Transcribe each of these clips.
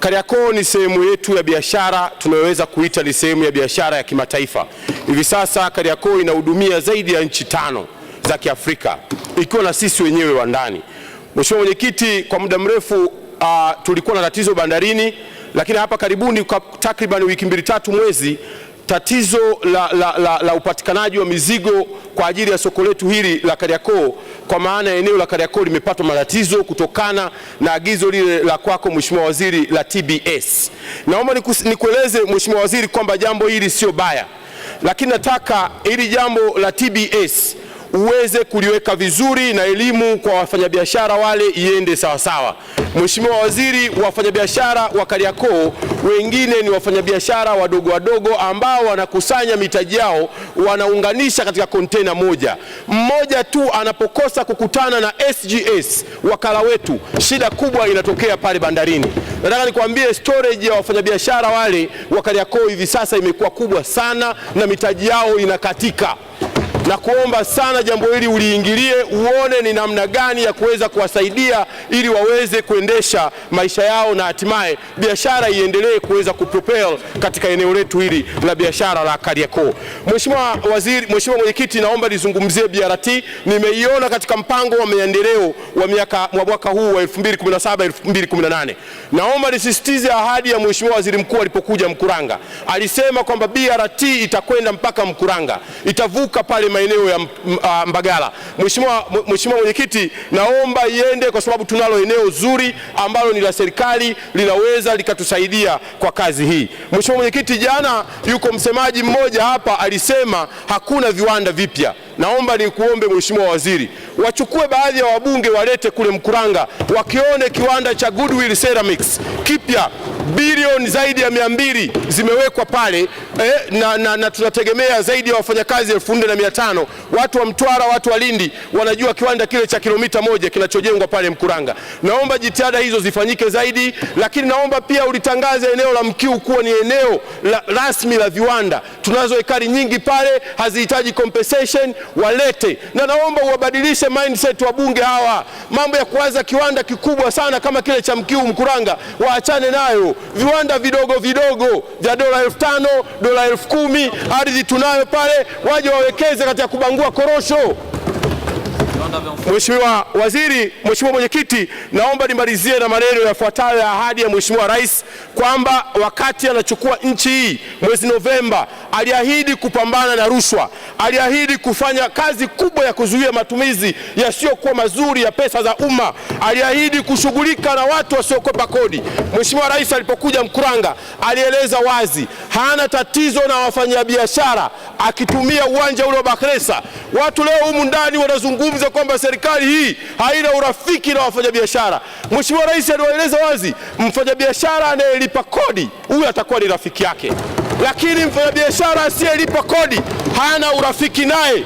Kariakoo ni sehemu yetu ya biashara tunayoweza kuita ni sehemu ya biashara ya kimataifa. Hivi sasa Kariakoo inahudumia zaidi ya nchi tano za Kiafrika ikiwa na sisi wenyewe wa ndani. Mheshimiwa Mwenyekiti, kwa muda mrefu uh, tulikuwa na tatizo bandarini, lakini hapa karibuni kwa takriban wiki mbili tatu mwezi tatizo la, la, la, la upatikanaji wa mizigo kwa ajili ya soko letu hili la Kariakoo, kwa maana eneo la Kariakoo limepatwa matatizo kutokana na agizo lile la kwako Mheshimiwa Waziri la TBS. Naomba nikueleze Mheshimiwa Waziri kwamba jambo hili sio baya, lakini nataka hili jambo la TBS uweze kuliweka vizuri na elimu kwa wafanyabiashara wale iende sawasawa. Mheshimiwa Waziri, wafanyabiashara wa Kariakoo wengine ni wafanyabiashara wadogo wadogo ambao wanakusanya mitaji yao wanaunganisha katika kontena moja. Mmoja tu anapokosa kukutana na SGS wakala wetu, shida kubwa inatokea pale bandarini. Nataka nikwambie storage ya wafanyabiashara wale wa Kariakoo hivi sasa imekuwa kubwa sana na mitaji yao inakatika na kuomba sana jambo hili uliingilie, uone ni namna gani ya kuweza kuwasaidia ili waweze kuendesha maisha yao na hatimaye biashara iendelee kuweza kupropel katika eneo letu hili la biashara la Kariakoo. Mheshimiwa Waziri, Mheshimiwa Mwenyekiti, naomba nizungumzie BRT. Nimeiona katika mpango wa maendeleo wa miaka wa mwaka huu wa 2017 2018. Naomba nisisitize ahadi ya Mheshimiwa Waziri Mkuu alipokuja Mkuranga, alisema kwamba BRT itakwenda mpaka Mkuranga, itavuka pale maeneo ya mm, ah, Mbagala. Mheshimiwa Mheshimiwa Mwenyekiti, naomba iende kwa sababu tunalo eneo zuri ambalo ni la serikali linaweza likatusaidia kwa kazi hii. Mheshimiwa Mwenyekiti, jana yuko msemaji mmoja hapa alisema hakuna viwanda vipya. Naomba nikuombe Mheshimiwa Waziri wachukue baadhi ya wabunge walete kule Mkuranga, wakione kiwanda cha Goodwill Ceramics kipya, bilioni zaidi ya mia mbili zimewekwa pale eh, na, na, na tunategemea zaidi ya wafanyakazi elfu nne na mia tano watu wa Mtwara, watu wa Lindi wanajua kiwanda kile cha kilomita moja kinachojengwa pale Mkuranga. Naomba jitihada hizo zifanyike zaidi, lakini naomba pia ulitangaze eneo la Mkiu kuwa ni eneo la, rasmi la viwanda. Tunazo hekari nyingi pale, hazihitaji compensation, walete na naomba uwabadilishe mindset wa bunge hawa. Mambo ya kuanza kiwanda kikubwa sana kama kile cha Mkiu Mkuranga waachane nayo. Viwanda vidogo vidogo vya dola elfu tano dola elfu kumi ardhi tunayo pale, waje wawekeze katika kubangua korosho. Mheshimiwa Waziri, Mheshimiwa Mwenyekiti, naomba nimalizie na maneno yafuatayo ya ahadi ya Mheshimiwa Rais kwamba wakati anachukua nchi hii mwezi Novemba aliahidi kupambana na rushwa, aliahidi kufanya kazi kubwa ya kuzuia matumizi yasiyokuwa mazuri ya pesa za umma, aliahidi kushughulika na watu wasiokopa kodi. Mheshimiwa Rais alipokuja Mkuranga alieleza wazi hana tatizo na wafanyabiashara akitumia uwanja ule wa Bakresa. Watu leo humu ndani wanazungumza kwamba serikali hii haina urafiki na wafanyabiashara. Mheshimiwa Rais aliwaeleza wazi, mfanyabiashara anayelipa kodi huyu atakuwa ni rafiki yake, lakini mfanyabiashara asiyelipa kodi hana urafiki naye.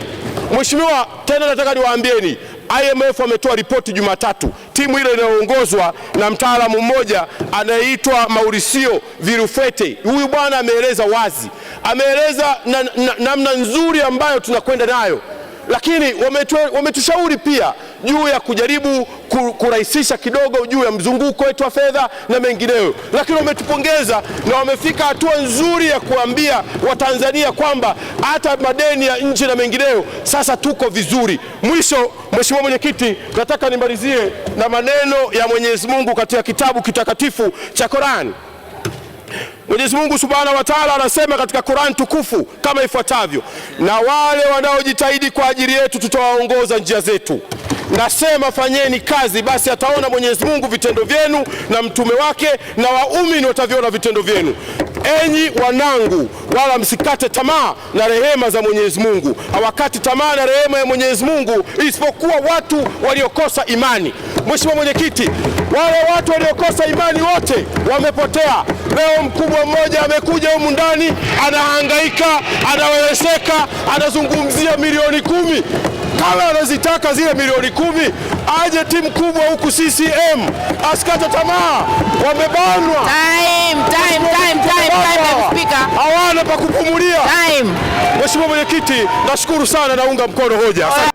Mheshimiwa, tena nataka niwaambieni IMF ametoa ripoti Jumatatu, timu ile inayoongozwa na mtaalamu mmoja anayeitwa Mauricio Virufete. Huyu bwana ameeleza wazi ameeleza namna na, na nzuri ambayo tunakwenda nayo, lakini wametushauri pia juu ya kujaribu kurahisisha kidogo juu ya mzunguko wetu wa fedha na mengineyo, lakini wametupongeza na wamefika hatua nzuri ya kuambia Watanzania kwamba hata madeni ya nchi na mengineyo sasa tuko vizuri. Mwisho, Mheshimiwa Mwenyekiti, nataka nimalizie na maneno ya Mwenyezi Mungu katika kitabu kitakatifu cha Korani. Mwenyezi Mungu Subhanahu wa Ta'ala anasema katika Qur'an tukufu kama ifuatavyo, na wale wanaojitahidi kwa ajili yetu tutawaongoza njia zetu. Nasema fanyeni kazi, basi ataona Mwenyezi Mungu vitendo vyenu na mtume wake na waumini wataviona vitendo vyenu. Enyi wanangu, wala msikate tamaa na rehema za Mwenyezi Mungu. Hawakati tamaa na rehema ya Mwenyezi Mungu isipokuwa watu waliokosa imani. Mheshimiwa Mwenyekiti, wale watu waliokosa imani wote wamepotea. Leo mkubwa mmoja amekuja humu ndani, anahangaika, anaweweseka, anazungumzia milioni kumi kama anazitaka zile milioni kumi aje timu kubwa huku CCM asikate tamaa, wamebanwa, hawana pa kupumulia. Mheshimiwa Mwenyekiti, nashukuru sana, naunga mkono hoja.